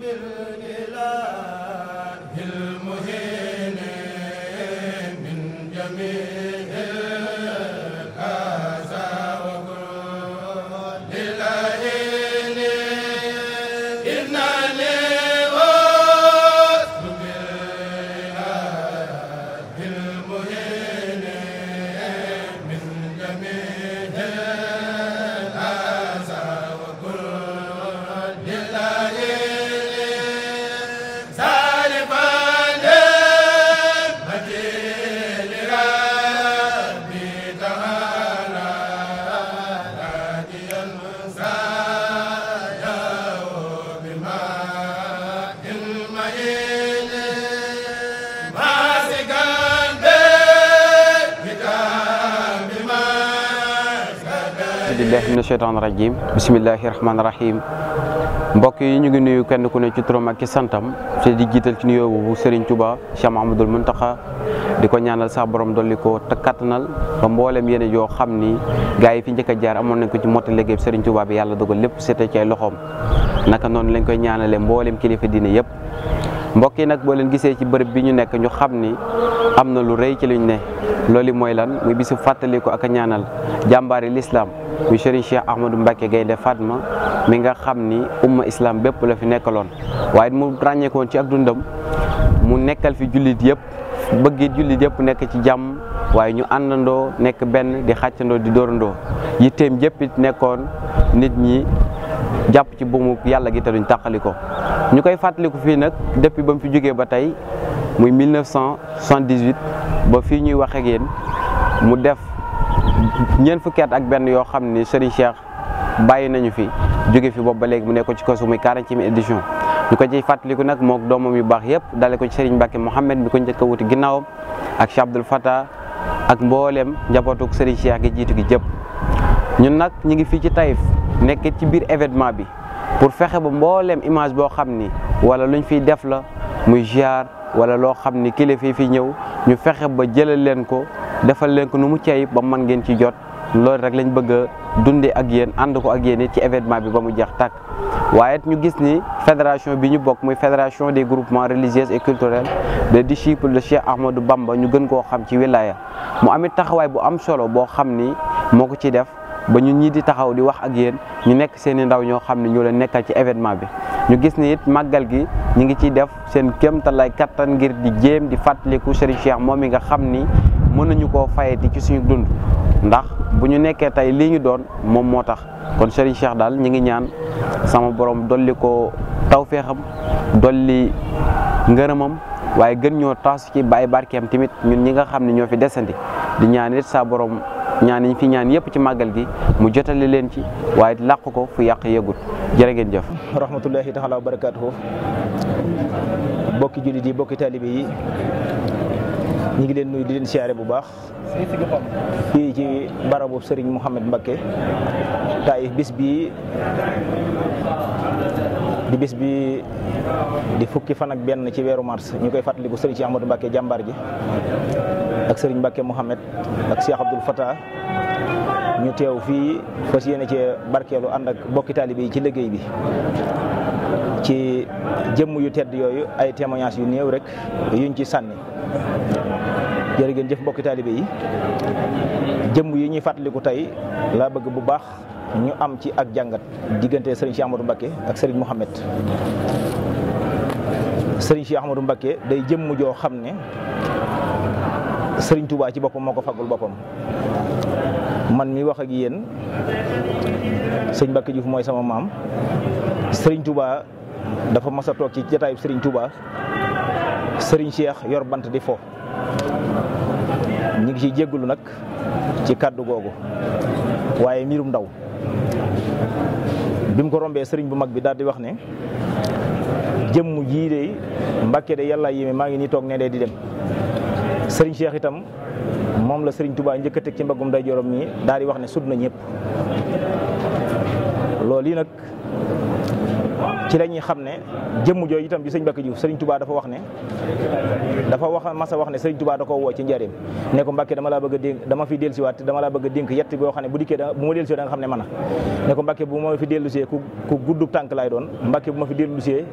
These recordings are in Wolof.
بالإله billahi mina sheytaani rajim bismillahi rahmaani rahim mbokk yi ñu ngi nuyu kenn ku ne ci turam ak ci santam te di jiital ci nuyoo bu Serigne Touba Cheikh Mahamadul Muntaxa di ko ñaanal sa borom dolli ko te kattanal mboolem yéen yoo xam ni gaa yi fi njëkk jaar amoon nañ ko ci motta liggéey Serigne Touba bi yàlla dogal lépp seete ci ay naka noonu lañ koy ñaanale mboolem kilifa diine yëpp mbokk yi nag boo leen gisee ci bërëb bi ñu nekk ñu xam ni am na lu rey ci liñ ne loolu mooy lan muy bisu fàttaliku ak a ñaanal jàmbaari lislaam muy Serigne Cheikh Ahmadou Mbacke Gaynde Fatma mi nga xam ni umma islam bépp la fi nekkaloon waaye mu ràññeekoon ci ak dundam mu nekkal fi jullit yëpp bëggee jullit yëpp nekk ci jàmm waaye ñu àndandoo nekk benn di xàccandoo di dorandoo yitteem yëpp nekkoon nit ñi jàpp ci buumu yàlla gi te duñ tàqali ko ñu koy fàttaliku fii nag depuis ba mu fi jógee ba tey muy 1978 ba fii ñuy wax ak mu def. ñeent fukket ak benn yoo xam ni Serigne Cheikh bàyyi nañu fi jóge fi boobu ba léegi mu nekk ci kosu ci mi édition ñu ko ciy fàttaliku nag mook doomam yu baax yëpp dale ko ci Serigne Mbacke Mouhamed mi ko njëkk a wuti ginnaawam ak Cheikh Abdoul Fattah ak mbooleem njabootuk Serigne Cheikh gi jiitu gi jëpp ñun nag ñu ngi fii ci Taïf nekk ci biir événement bi pour fexe ba mbooleem image boo xam ni wala luñ fiy def la muy ziar wala loo xam ni kilifa yi fi ñëw ñu fexe ba jëlal leen ko defal leen ko nu mu cayib ba man ngeen ci jot loolu rek lañ bëgg a dundee ak yéen ànd ko ak yéen ci événement bi ba mu jeex tàkk waaye ñu gis ni fédération bi ñu bokk muy fédération des groupements religieux et culturels des disciples de Cheikh Ahmadou Bamba ñu gën koo xam ci wilaya mu amit taxawaay bu am solo boo xam ni moo ko ci def ba ñun ñii di taxaw di wax ak yéen ñu nekk seen i ndaw ñoo xam ne ñoo leen nekkal ci événement bi ñu gis ni it màggal gi ñu ngi ciy def seen kéemtalaay kattan ngir di jéem di fàttaliku Serigne Cheikh moom mi nga xam ni. mën nañu koo di ci suñu dund ndax bu ñu nekkee tey lii ñu doon moom moo tax kon Serigne Cheikh daal ñu ngi ñaan sama borom dolli ko taw tawféexam dolli ngërëmam waaye gën ñoo taas ci bàyyi barkeem tamit ñun ñi nga xam ne ñoo fi desandi di ñaan sa saa borom ñaan yi fi ñaan yëpp ci màggal gi mu jotali leen ci waaye làq ko fu yàq yëgut jërë ngeen jëf. rahmatullahi taala wa barakaatuhu bokki jullit yi bokki taalibe yi. ñu ngi leen nuyu di leen siyaare bu baax fii ci barabu Serigne Mouhamed Mbacké tay bis bis bi di fukki fan ak benn ci weeru mars ñu koy fàttaliku Serigne Cheikh Ahmadou Mbacké jàmbaar ji ak sëriñ Mbacké Mouhamed ak Cheikh Abdoul Fatah ñu teew fii fas yéene cee barkeelu ànd ak bokki taalibe yi ci liggéey bi ci jëmm yu tedd yooyu ay témoignages yu néew rek yuñ ci sànni jërë ngeen jëf mbokk talibé yi jëm yi ñuy fàttaliku tay la bëgg bu baax ñu am ci ak jangat digënté sëriñ Cheikh Amadou Mbacké ak sëriñ Mouhamed sëriñ Cheikh Amadou Mbacké day jëm jo xam ne sëriñ Touba ci bopam moko fagul bopam man mi wax ak yeen sëñ Mbacké Diouf moy sama mam sëriñ Touba dafa mas tok ci jotaay sëriñ Touba sëriñ Cheikh yor bant di fo ñu ngi ciy jégalu nag ci kàddu googu waaye mbirum ndaw bi mu ko rombee sëriñ bu mag bi daal di wax ne jëmm jii de Mbàkke de yàlla yéeme maa ngi nii toog ne de di dem sëriñ Cheikh itam moom la sëriñ Touba njëkk a teg ci mbaggum day jorom nii daal di wax ne sut na ñëpp loolu yi nag ci la ñuy xam ne jëmm jooju itam ji sëñ Mbacke Diouf sëriñ tubaa dafa wax ne dafa wax masa wax ne sëriñ Touba dako woo ci njëriñ ne ko Mbacke dama laa bëgg a dama fi dellusiwaat dama laa bëgg a yett boo xam ne bu dikkee bu ma dellusiwee da nga xam ne mën ne ko Mbacke bu ma fi dellusee ku ku guddub tànk laay doon Mbacke bu ma fi dellusee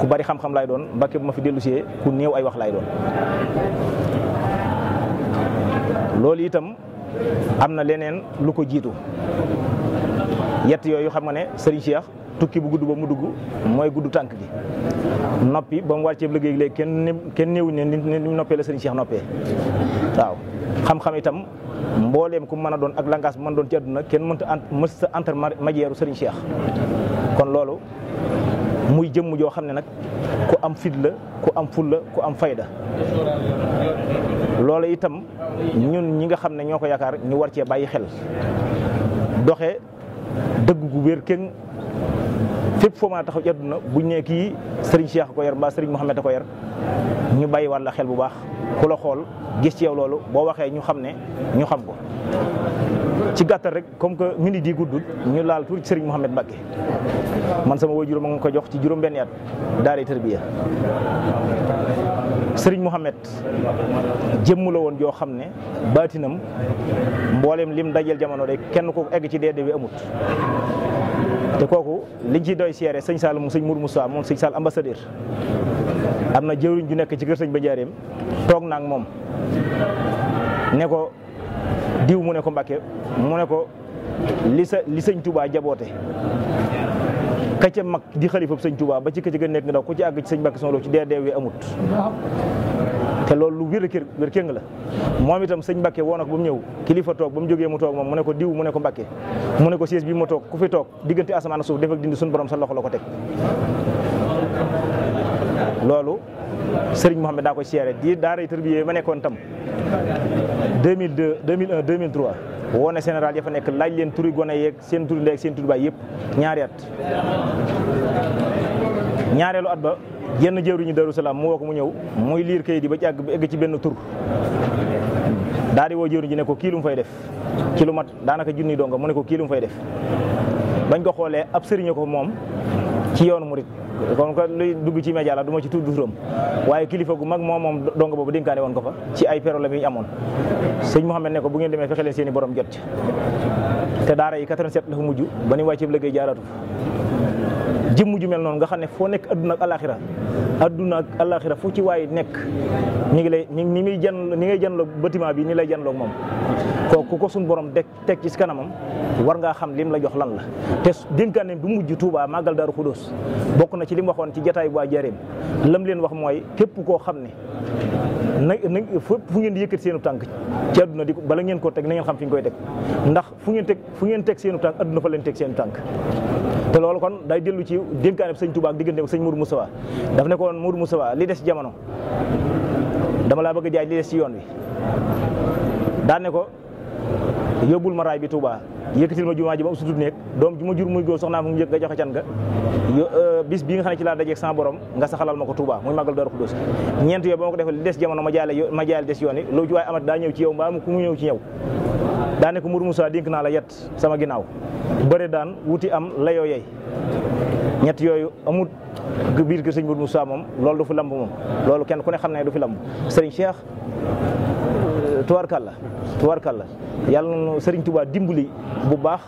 ku bari xam laay doon Mbacke bu ma fi dellusee ku néew ay wax laay doon loolu itam am na leneen lu ko jiitu yett yooyu xam nga ne sëriñ Cheikh tukki bu gudd ba mu dugg mooy gudd tànk gi noppi ba mu wàccee liggéey léegi kenn kenn néewuñ ne ni ni noppee la sëriñ Cheikh noppee waaw xam-xam itam mbooleem ku mën a doon ak langage bu mën doon ci àdduna kenn mënta ent mësta entre majeeru sëriñ Cheikh kon loolu muy jëmm joo xam ne nag ku am fit la ku am ful la ku am fayda loolu itam ñun ñi nga xam ne ñoo ko yaakaar ñu war cee bàyyi xel doxe dëgg gu wér kenn fépp foo mën a taxaw bu àdduna buñ ne kii Serigne Cheikh ko yar mbaa Serigne Mohamed a ko yar ñu bàyyi la xel bu baax ku la xool gis ci loolu boo waxee ñu xam ne ñu xam ko. ci gàttal rek comme que minute di gudd ñu laal tur ci Serigne Mohamed Mbacke man sama waajur ma nga ko jox ci juróom-benni at daara tarbiya Serigne Mohamed jëmm la woon joo xam ne baatinam mbooleem lim dajel jamono de kenn ko egg ci dee bi amut. te kooku li ci doy seere sëñ Sall mu sëñ mu Moussa moom sëñ Sall ambassadeur am na jëwriñ ju nekk ci kër sëñ ba jaareem toog na moom ne ko diw mu ne ko Mbàkke mu ne ko li sa li sëñ Touba jaboote ka ca mag di xalifab sëñ Touba ba ci ka ci gën nekk nga daw ku ci àgg ci sëñ Mbàkke Soxna Lo ci dee yi amut te loolu lu wér kër wér kéng la moom itam sëñ Mbacke woo na ko ba mu ñëw kilifa toog ba mu jógee mu toog moom mu ne ko diw mu ne ko Mbacke mu ne ko siège bi ma toog ku fi toog diggante asamaan suuf def ak dindi suñu borom sa loxo la ko teg loolu Serigne Mohamed daa ko seere di daaray tërbiye ma nekkoon tam 2002 2001 2003 woo na général ya fa nekk laaj leen turi gone yeeg seen turi leeg seen turi baay yëpp ñaari at ñaareelu at ba genn jëwriñu Darou Salaam mu woo ko mu ñëw muy liir kayit yi ba ci àgg egg ci benn tur daal di woo jëwriñ ji ne ko kii mu fay def ci lu mat daanaka junni donga mu ne ko kii mu fay def bañ ko xoolee ab sëriñ ko moom ci yoonu murit comme que luy dugg ci média la du ci tudd turam waaye kilifa gu mag moom moom donga boobu kaane woon ko fa ci ay problème yi ñu amoon sëñ Mouhamed ne ko bu ngeen demee fexe leen seen i borom jot te daara yi 87 la fa mujj ba ni wàcceeb liggéey jaaratu fa jëmm ju mel noonu nga xam ne foo nekk adduna ak alaxira adduna ak alaxira ci waay nekk ñi ngi lay ni muy jan ni ngay janloo bâtiment bi ni lay janloog moom kooku ko suñ borom deg teg ci kanamam war ngaa xam lim la jox lan la te dénkaane bu mujj Touba màggal Daaru Xudóos bokk na ci li waxoon ci jataay bu waa jareem lam leen wax mooy képp koo xam ne na na fépp fu ngeen di seenu tànk ci àdduna di bala ngeen koo teg na ngeen xam fi ñu koy teg ndax fu ngeen teg fu ngeen teg seenu tànk adduna fa leen teg seenu tànk te loolu kon day dellu ci dénkaane sëñ Touba ak diggante ak sëñ Mourou Moustapha daf ne ko woon Mourou Moustapha li des ci jamono dama laa bëgg jaay li des ci yoon wi daane ko yóbbul ma raay bi Touba yëkkatil ma jumaa ji ba am sutut doom ju ma jur muy góor soxnaa mu njëkk nga joxe can ga euh, bis bii nga xam borom nga saxalal ma ko Touba muy màggal Daaru Xudoos ñeent yooyu ko defee li des jamono ma jaale ma jaale des yoon yi loo ci waaye amat daa ñëw ci yow mbaa mu ku mu ñëw ci ñëw daane ko Mourou Moussa dénk naa la yet sama ginnaaw bëri daan wuti am layoo yey ñett yooyu amut biir kër sëñ Mourou Moussa moom loolu du fi lamb moom loolu kenn ku ne xam ne du fi lamb sëriñ Cheikh tubaarkàlla tubaarkàlla yàlla na sëriñ Touba dimbali bu baax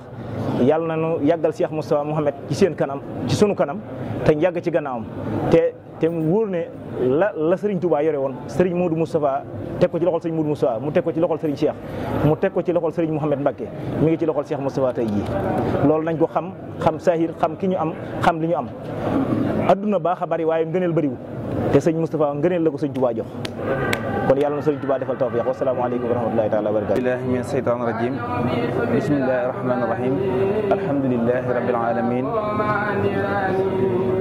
yàlla na nu yàggal Cheikh Moustapha Mouhamed ci seen kanam ci sunu kanam te yàgg ci gannaawam te te mu wóor ne la la Serigne Touba yore woon Serigne Modou Moustapha teg ko ci loxol Serigne Modou Moustapha mu teg ko ci loxol Serigne Cheikh mu teg ko ci loxol Serigne Mouhamed Mbacke mi ngi ci loxol Cheikh Moustapha tey jii loolu nañ ko xam xam sahir xam ki ñu am xam li ñu am adduna baax a bari waaye ngëneel bariwul te sëñ Moustapha ngëneel la ko sëñ Touba jox kon yàlla na serigne touba defal tawfiq alaykum wa rahmatullahi taala wa barakatuh billahi min asheytan rajim bismillahir rahmani rahim alhamdulillahi rabbil alamin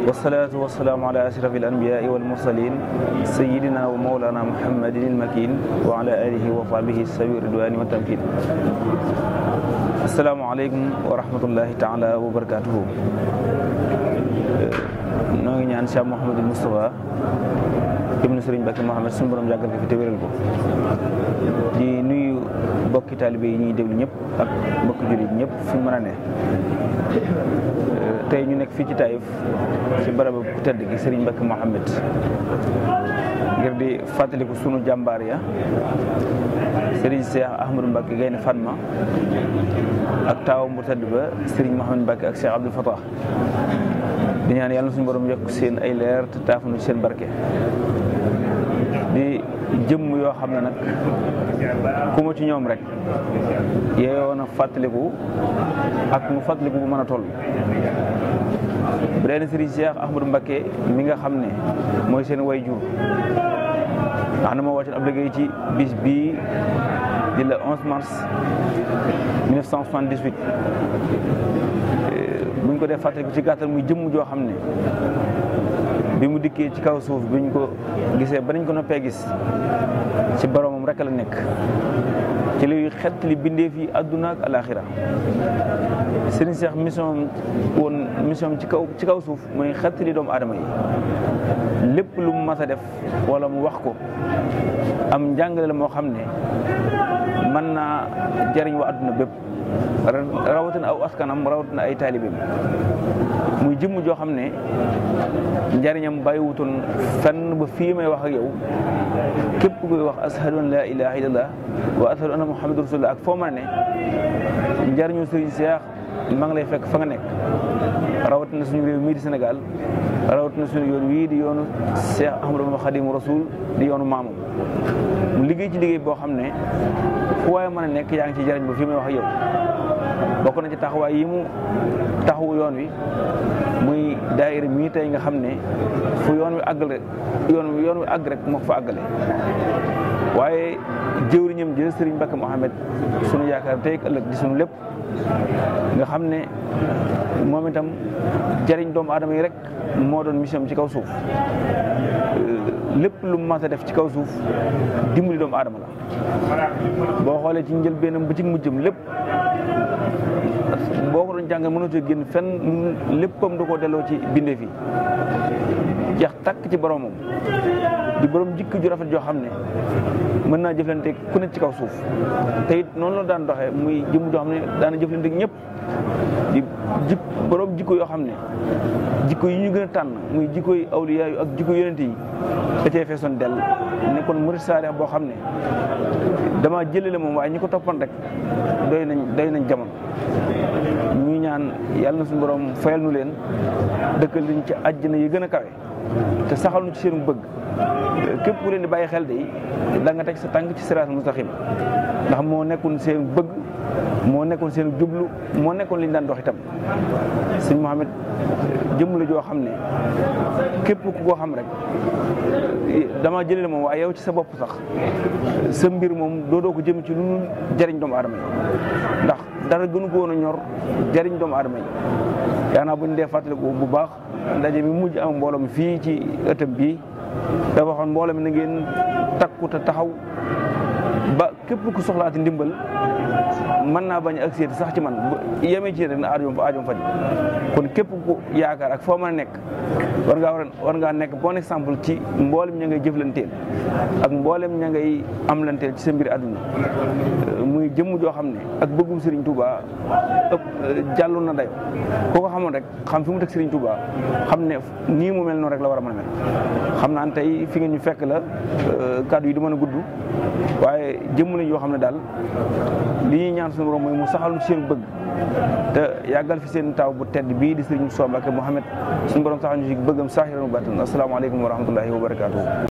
wasalaatu wasalaamu ala asrafil ashraf wal walmursalin sayyidina wa maulana muhammadin al-makin wa ala alihi wa sahbihi as sawi ridwani wa tamkin alaykum wa rahmatullahi taala wa barakatuh noo ngi ñaan Cheikh mohammed mustafa jëmale sëriñ bakki mohammed sun borom jagal ko fi te wéral ko di nuyu bokki taalibe yi ñuy déglu ñëpp ak mbokki jullit ñep fu mëna ne eh, tay ñu nek fi ci Taïf ci barab bu tedd gi sëriñ bakki mohammed ngir di fatali ko sunu jambar ya sëriñ Cheikh Ahmadou Mbacke Gaynde Fatma ak taw mu tedd ba sëriñ mohammed Mbacke ak Cheikh Abdou Fatah di ñaan yàlla suñu borom yok seen ay leer ta taaf nu seen barke di jëmm yoo xam ne nag ku ma ci ñoom rek yeeyoon a fàttaliku ak mu fàttaliku bu mën a toll bu dee ne Serigne Cheikh Ahmadou Mbacké mi nga xam ne mooy seen way jur ndax na ma wàccoon ab liggéey ci bis bii di le 11 mars 1978 eh, buñ ko def fàttaliku ci gàttal mu jëmm joo xam ne bi mu dikkee ci kaw suuf bi ñu ko gisee ba nañ ko noppee gis ci boroomam rek la nekk ci luy xet li bindeef yi àdduna ak alaaxira sëriñ Seex mission woon mission ci kaw ci kaw suuf mooy xet li doomu aadama yi lépp lu mu mas a def walla mu wax ko am njàngale la moo xam ne mën naa jariñ wa àdduna bépp rawatina aw askanam rawatina ay taalibeem muy jëmm joo xam ne njariñam bàyyiwutoon fenn ba fii may wax ak yow képp kuy wax ashadu an laa ilaaha illallah wa ashadu anna muhammadu rasulullah ak foo mën a ne njariñu sëriñ Seex maa ngi lay fekk fa nga nekk rawatina suñu réew mii di Sénégal rawatina suñu yoon wii di yoonu Cheikh Ahmadou Bamba Khadimu Rasul di yoonu maamam mu liggéey ci liggéey boo xam ne fu waaye mën a nekk yaa ngi ci jariñ ba fi muy wax ak yow bokk na ci taxawaay yi mu taxawu yoon wi muy daayira mii tey nga xam ne fu yoon wi àggal rek yoon yoon wi àgg rek moo fa àggale waaye jëwriñam jël sëriñ Mbacke Mouhamed sunu yaakaar tey ak ëllëg di sunu lépp nga xam ne moom itam jëriñ doomu aadama yi rek moo doon mission ci kaw suuf euh, lépp lu mu def ci kaw suuf dimbali doomu aadama la boo xoolee ci njëlbeenam ba ci mujjam lépp boo ko doon jàngal mënatoo génn fenn léppam da koo delloo ci bindee fi jeex takk ci boromam di borom jikko ju rafet joo xam ne mën naa jëflante ku ne ci kaw suuf te it noonu la daan doxee muy jëmm joo xam ne daan jëflante ñëpp di jik borom jikko yoo xam ne jikko yi ñu gën a tànn muy jikko yi awliya yu ak jikko yonent yi da cee feesoon dell ne kon murid saalix boo xam ne dama jëlee la moom waaye ñi ko toppoon rek doy nañ doy nañ jamono ñuy ñaan yàlla na suñu borom fayal nu leen dëkkal liñ ci àjjana yi gën a kawe te saxal nu ci seen bëgg képp ku leen di bàyyi xel de danga teg sa tànk ci siraat mustaqim ndax moo nekkoon seen bëgg moo nekkoon seen jublu moo nekkoon li ñu daan dox itam sëñ Mouhamed jëmm la joo xam ne képp ku koo xam rek dama jëlee la moom waaye yow ci sa bopp sax sa mbir moom doodoo ko jëm ci lu jëriñ doomu aadama ndax dara gënu ko a ñor jëriñ doomu aadama yi naa bu ñu dee fàttaliku bu baax ndaje mi mujj am mbooloo mi fii ci ëttam bi dafa waxoon mbooloo mi na ngeen takku te taxaw ba képp ku soxlaa ci ndimbal mën naa bañ ak seeti sax ci man bu yemee ci rek na aajoom aajoom faj kon képp ku yaakaar ak foo mën a nekk war ngaa war ngaa nekk bon exemple ci mbooleem ña ngay jëflanteel ak mbooleem ña ngay amlanteel ci sa mbir àdduna muy jëmm joo xam ne ak bëggum Serigne Touba ëpp jàllu na dayo koo ko xamoon rek xam fi mu teg Serigne Touba xam ne nii mu mel noonu rek la war a mën a mel xam naan tey fi nga ñu fekk la euh, kàddu yi du mën a gudd waaye jëmm jëmm lañ yoo xam ne daal li ñuy ñaan suñu borom mooy mu saxal seen bëgg te yàggal fi seen taaw bu tedd bii di sëriñ Soob ak Mouhamed suñu borom saxal bëgg si bëggam saaxiran baatin asalaamaaleykum wa rahmatullahi wa barakaatu.